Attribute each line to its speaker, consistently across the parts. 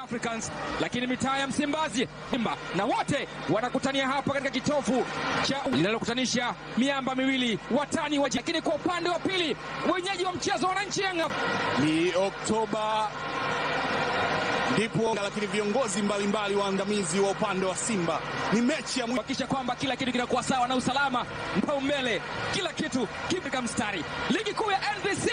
Speaker 1: Africans, lakini mitaa ya Msimbazi Simba na wote wanakutania hapa katika kitovu cha linalokutanisha miamba miwili watani wa, lakini kwa upande wa pili wenyeji wa mchezo wananchi Yanga
Speaker 2: ni Oktoba ndipo lakini viongozi mbalimbali waandamizi wa upande wa Simba ni mechi ya
Speaker 1: kuhakikisha kwamba kila kitu kinakuwa sawa na usalama mpao mbele, kila kitu kipo mstari. Ligi kuu ya NBC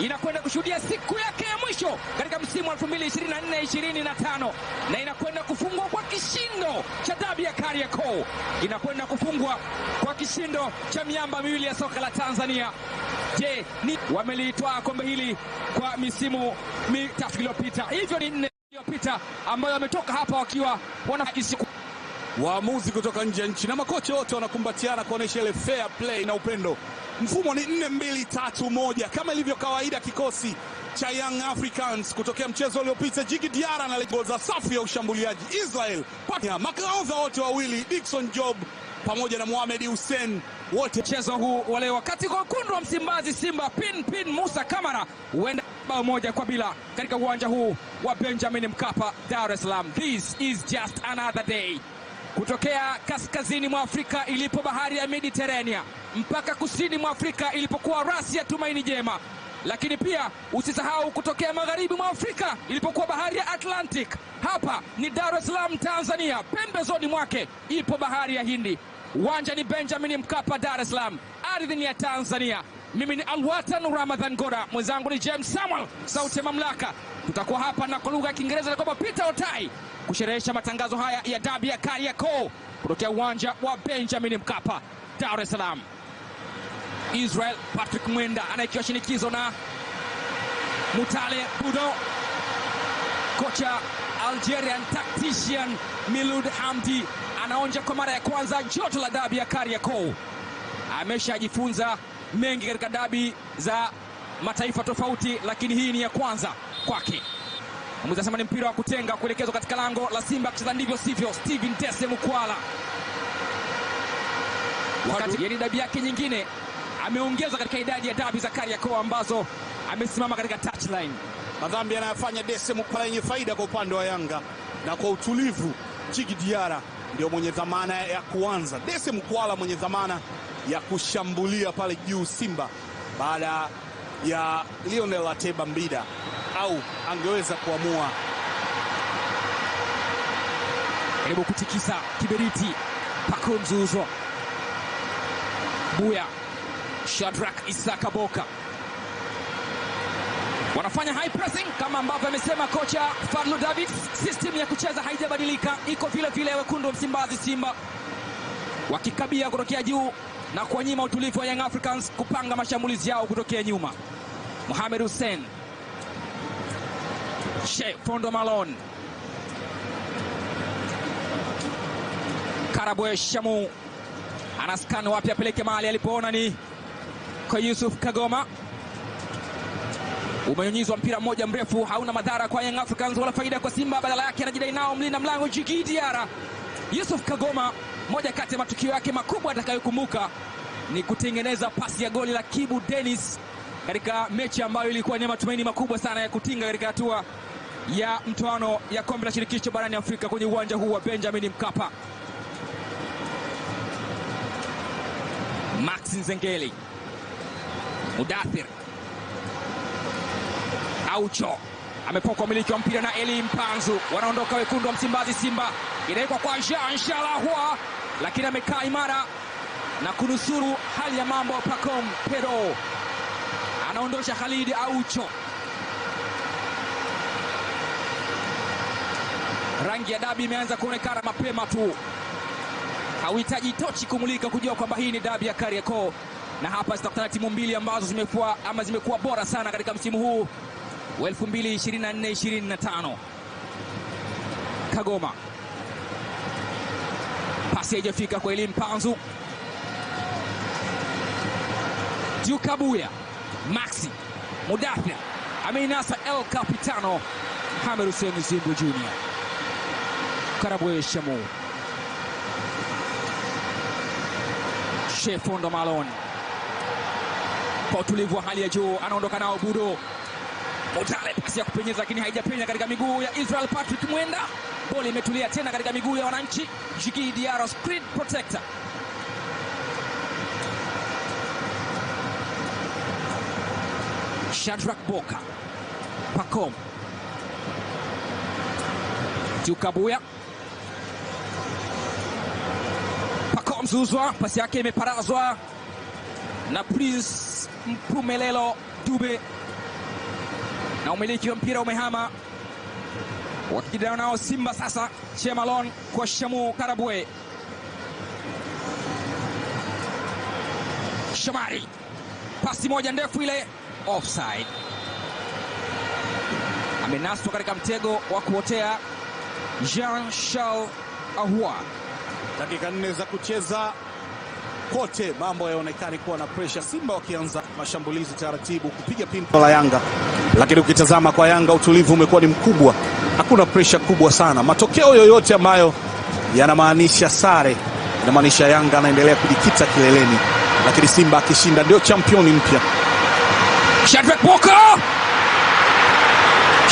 Speaker 1: inakwenda kushuhudia siku yake ya mwisho katika msimu wa 2024 2025 na inakwenda kufungwa kwa kishindo cha dabi ya Kariakoo, inakwenda kufungwa kwa kishindo cha miamba miwili ya soka la Tanzania. Je, ni wamelitwaa kombe hili kwa misimu mitatu iliyopita, hivyo ni nne iliyopita ambayo wametoka hapa wakiwa wanajisi
Speaker 2: waamuzi kutoka nje ya nchi na makocha wote wanakumbatiana kuonesha ile fair play na upendo. Mfumo ni nne mbili tatu moja kama ilivyo kawaida, kikosi cha Young Africans kutokea mchezo uliopita. Jigi Diara na goza safu ya ushambuliaji Israel Patna, makaoza wote wawili Dickson Job pamoja na Mohamed Hussein wote
Speaker 1: mchezo huu wa leo, wakati kwa wekundu wa Msimbazi Simba pin pin Musa Kamara huenda bao moja kwa bila katika uwanja huu wa Benjamin Mkapa, Dar es Salaam. This is just another day. Kutokea kaskazini mwa Afrika ilipo bahari ya Mediterania mpaka kusini mwa Afrika ilipokuwa rasi ya Tumaini Jema, lakini pia usisahau kutokea magharibi mwa Afrika ilipokuwa bahari ya Atlantic. Hapa ni Dar es Salaam, Tanzania, pembezoni mwake ipo bahari ya Hindi. Uwanja ni Benjamin Mkapa, Dar es Salaam, ardhi ni ya Tanzania. Mimi ni Alwatan Ramadhan Goda, mwenzangu ni James Samuel, sauti ya mamlaka. Tutakuwa hapa na kwa lugha ya Kiingereza nakwamba Peter Otai kusherehesha matangazo haya ya dabi ya Kariakoo kutokea uwanja wa Benjamin Mkapa, Dar es Salaam. Israel Patrick Mwenda anaikiwa shinikizo na Mutale Budo, kocha Algerian tactician Milud Hamdi anaonja kwa mara ya kwanza joto la dabi ya Kariakoo. Ameshajifunza mengi katika dabi za mataifa tofauti, lakini hii ni ya kwanza kwake. Mwamuzi anasema ni mpira wa kutenga kuelekezwa katika lango la Simba, akicheza ndivyo sivyo. Steven Tese Mukwala, wakati ni dabi yake nyingine, ameongezwa katika idadi ya dabi za Kariakoo ambazo amesimama katika touchline.
Speaker 2: Madhambi anayofanya Dese Mukwala yenye faida kwa upande wa Yanga, na kwa utulivu Chiki Diara ndio mwenye dhamana ya kuanza. Dese Mukwala mwenye dhamana ya kushambulia pale juu Simba baada ya Lionel Ateba Mbida, au angeweza kuamua
Speaker 1: karibu kutikisa kiberiti pako mzuzo Buya Shadrack Isaka Boka wanafanya high pressing kama ambavyo amesema kocha Fadlu David. System ya kucheza haijabadilika, iko vile vile. Wekundu Msimbazi Simba wakikabia kutokea juu na kuwanyima utulivu wa Young Africans kupanga mashambulizi yao kutokea nyuma. Mohamed Hussein She Fondo Malon Karabwe Shamu anaskan wapi apeleke mahali alipoona ni kwa Yusuf Kagoma. Umenyunyizwa mpira mmoja mrefu, hauna madhara kwa Young Africans wala faida kwa Simba, badala yake anajidai nao mlinda mlango Djigui Diarra. Yusuf Kagoma moja kati ya matukio yake makubwa atakayokumbuka ni kutengeneza pasi ya goli la Kibu Dennis katika mechi ambayo ilikuwa ni matumaini makubwa sana ya kutinga katika hatua ya mtoano ya kombe la shirikisho barani Afrika kwenye uwanja huu wa Benjamin Mkapa. Max Nzengeli, Mudathir Aucho amepokwa umiliki wa mpira na Eli Mpanzu. Wanaondoka wekundu wa Msimbazi, Simba inawekwa kwa Jean Shalahwa lakini amekaa imara na kunusuru hali ya mambo. Pacom Pedro anaondosha Khalid Aucho. Rangi ya dabi imeanza kuonekana mapema tu, hauhitaji tochi kumulika kujua kwamba hii ni dabi ya Kariakoo, na hapa zitakutana timu mbili ambazo zimekuwa ama zimekuwa bora sana katika msimu huu wa 2024 25 Kagoma pasi haijafika kwa Elin Panzu. Jukabuya Maxi Mudathir ameinasa El Capitano hamer Hussein Zimbu Junior Karabwe Shamu Shefondo Malon kwa utulivu wa hali ya juu anaondoka nao Budo Mutale, pasi ya kupenyeza lakini haijapenya katika miguu ya Israel Patrick Mwenda. Boli imetulia tena katika miguu ya wananchi. Jiki Diaro screen protector. Shadrack Boka. Pacom. Tukabuya. Pacom Zuzwa, pasi yake imeparazwa na Prince Mpumelelo Dube na umiliki wa mpira umehama wakikidana nao Simba sasa, Chemalon kwa Shamu Karabwe, Shamari pasi moja ndefu ile, offside, amenaswa katika mtego wa kuotea. Jean Charles Ahua,
Speaker 2: dakika nne za kucheza kote mambo yaonekani kuwa na pressure. Simba wakianza mashambulizi taratibu kupiga pindu la Yanga, lakini ukitazama kwa Yanga utulivu umekuwa ni mkubwa, hakuna pressure kubwa sana. Matokeo yoyote ambayo yanamaanisha sare inamaanisha Yanga anaendelea kujikita kileleni, lakini Simba akishinda ndio championi mpya.
Speaker 1: Shadrack Boka,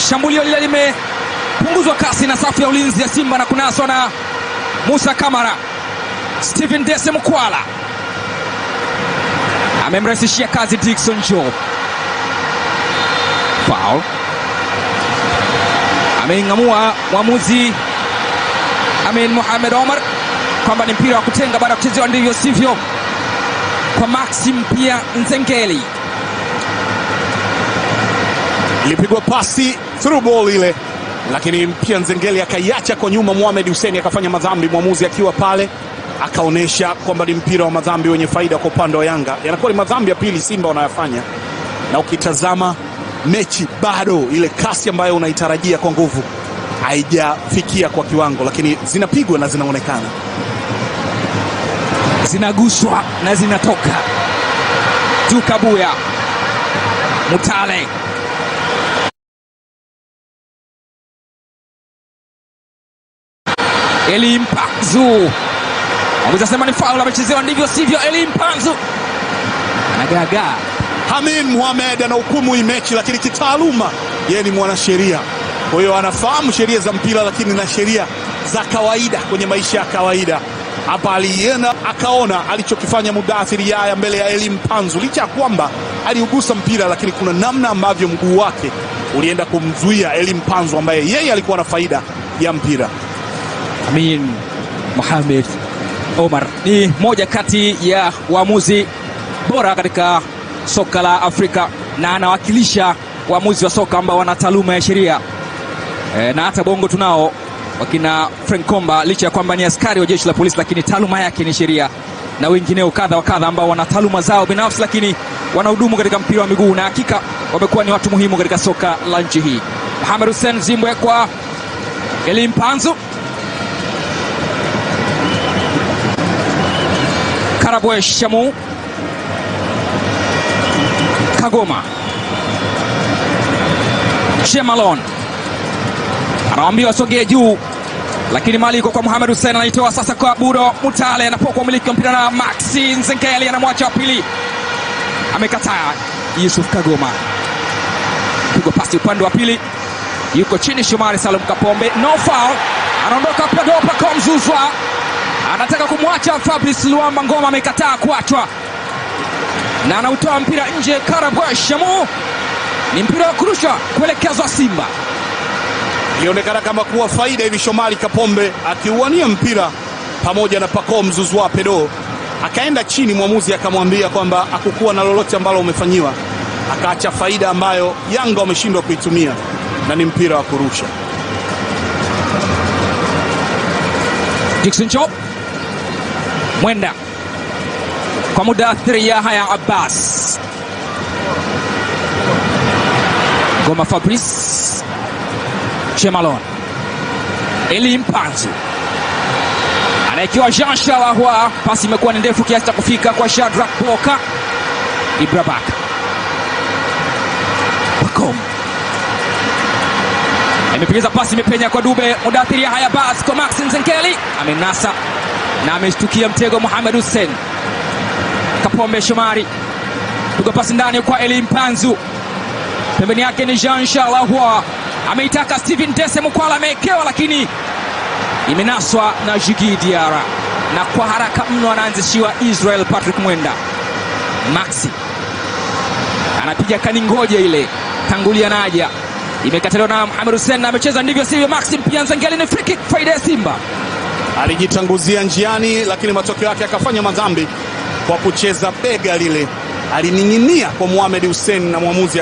Speaker 1: shambulio lile limepunguzwa kasi na safu ya ulinzi ya Simba na kunaswa na Musa Kamara, Steven Dese Mkwala amemrahisishia kazi Dickson Job. Foul ameing'amua mwamuzi Amin Mohamed Omar kwamba ni mpira wa kutenga baada ya kuchezewa ndivyo sivyo kwa Maxim pia Nzengeli.
Speaker 2: Ilipigwa pasi through ball ile, lakini pia Nzengeli akaiacha kwa nyuma. Mohamed Hussein akafanya madhambi, mwamuzi akiwa pale akaonyesha kwamba ni mpira wa madhambi wenye faida kwa upande wa Yanga. Yanakuwa ni madhambi ya pili Simba wanayofanya, na ukitazama mechi bado ile kasi ambayo unaitarajia kwa nguvu haijafikia kwa kiwango, lakini zinapigwa na zinaonekana
Speaker 1: zinaguswa na zinatoka. Tukabuya Mutale elimpa zuu sema ni faul, amechezewa ndivyo sivyo. Elim Panzu anagaagaa.
Speaker 2: Amin Mohamed anahukumu hii mechi, lakini kitaaluma yeye ni mwanasheria, kwa hiyo anafahamu sheria za mpira, lakini na sheria za kawaida kwenye maisha ya kawaida. Hapa alienda akaona alichokifanya Mudathiri Yahya mbele ya Elim Panzu, licha ya kwamba aliugusa mpira, lakini kuna namna ambavyo mguu wake ulienda kumzuia Elim Panzu ambaye yeye alikuwa na faida ya mpira.
Speaker 1: Amin Mohamed Omar ni moja kati ya waamuzi bora katika soka la Afrika na anawakilisha waamuzi wa soka ambao wana taaluma ya sheria e, na hata bongo tunao wakina Frank Komba, licha ya kwamba ni askari wa jeshi la polisi, lakini taaluma yake ni sheria, na wengineo kadha wa kadha ambao wana taaluma zao binafsi, lakini wanahudumu katika mpira wa miguu na hakika wamekuwa ni watu muhimu katika soka la nchi hii. Mohamed Hussein Zimbwe kwa Elimpanzu shamu kagoma Shemalon anawaambia wasogee juu, lakini mali iko kwa Muhamed Hussein, anaitoa sasa kwa Budo Mutale, anapokuwa umiliki wa mpira na Maxi Nzengeli, anamwacha wa pili, amekataa Yusuf Kagoma, pigwa pasi upande wa pili, yuko chini Shomari Salum Kapombe, no foul, anaondoka Padopa mzuzwa anataka kumwacha Fabrice Luamba, Ngoma amekataa kuachwa na anautoa mpira nje. Karabwe Shamu, ni mpira wa kurusha kuelekezwa Simba.
Speaker 2: Ilionekana kama kuwa faida hivi, Shomari Kapombe akiuania mpira pamoja na Pako Mzuzwa Pedo akaenda chini, mwamuzi akamwambia kwamba hakukuwa na lolote ambalo umefanyiwa, akaacha faida ambayo Yanga wameshindwa kuitumia na ni mpira wa kurusha.
Speaker 1: Dickson Job Mwenda kwa ya haya Abbas Goma, Fabrice Chemalon, Eli Mpanzu anaikiwa Jean Shalahwa. Pasi imekuwa ni ndefu kiasi cha kufika kwa Shadrack Boka Ibrabak Pakom imepigiza pasi, imepenya kwa Dube. Mudathiri Yahya Abbas kwa Maxi Nzengeli amenasa na ameshtukia mtego Muhammad Hussein. Kapombe Shomari pigwa pasi ndani kwa Eli Mpanzu, pembeni yake ni Jean Shalahwa, ameitaka Steven Dese Mukwala, ameekewa lakini imenaswa na Jigi Diara, na kwa haraka mno anaanzishiwa Israel Patrick Mwenda. Maxi anapiga kaningoja ile, tangulia naja, imekataliwa na Muhammad Hussein na amecheza ndivyo sivyo, Maxi Mpianza ngeli, ni free kick faida ya Simba
Speaker 2: alijitanguzia njiani, lakini matokeo yake akafanya madhambi kwa kucheza bega lile, alining'inia kwa Mohamed Hussein na mwamuzi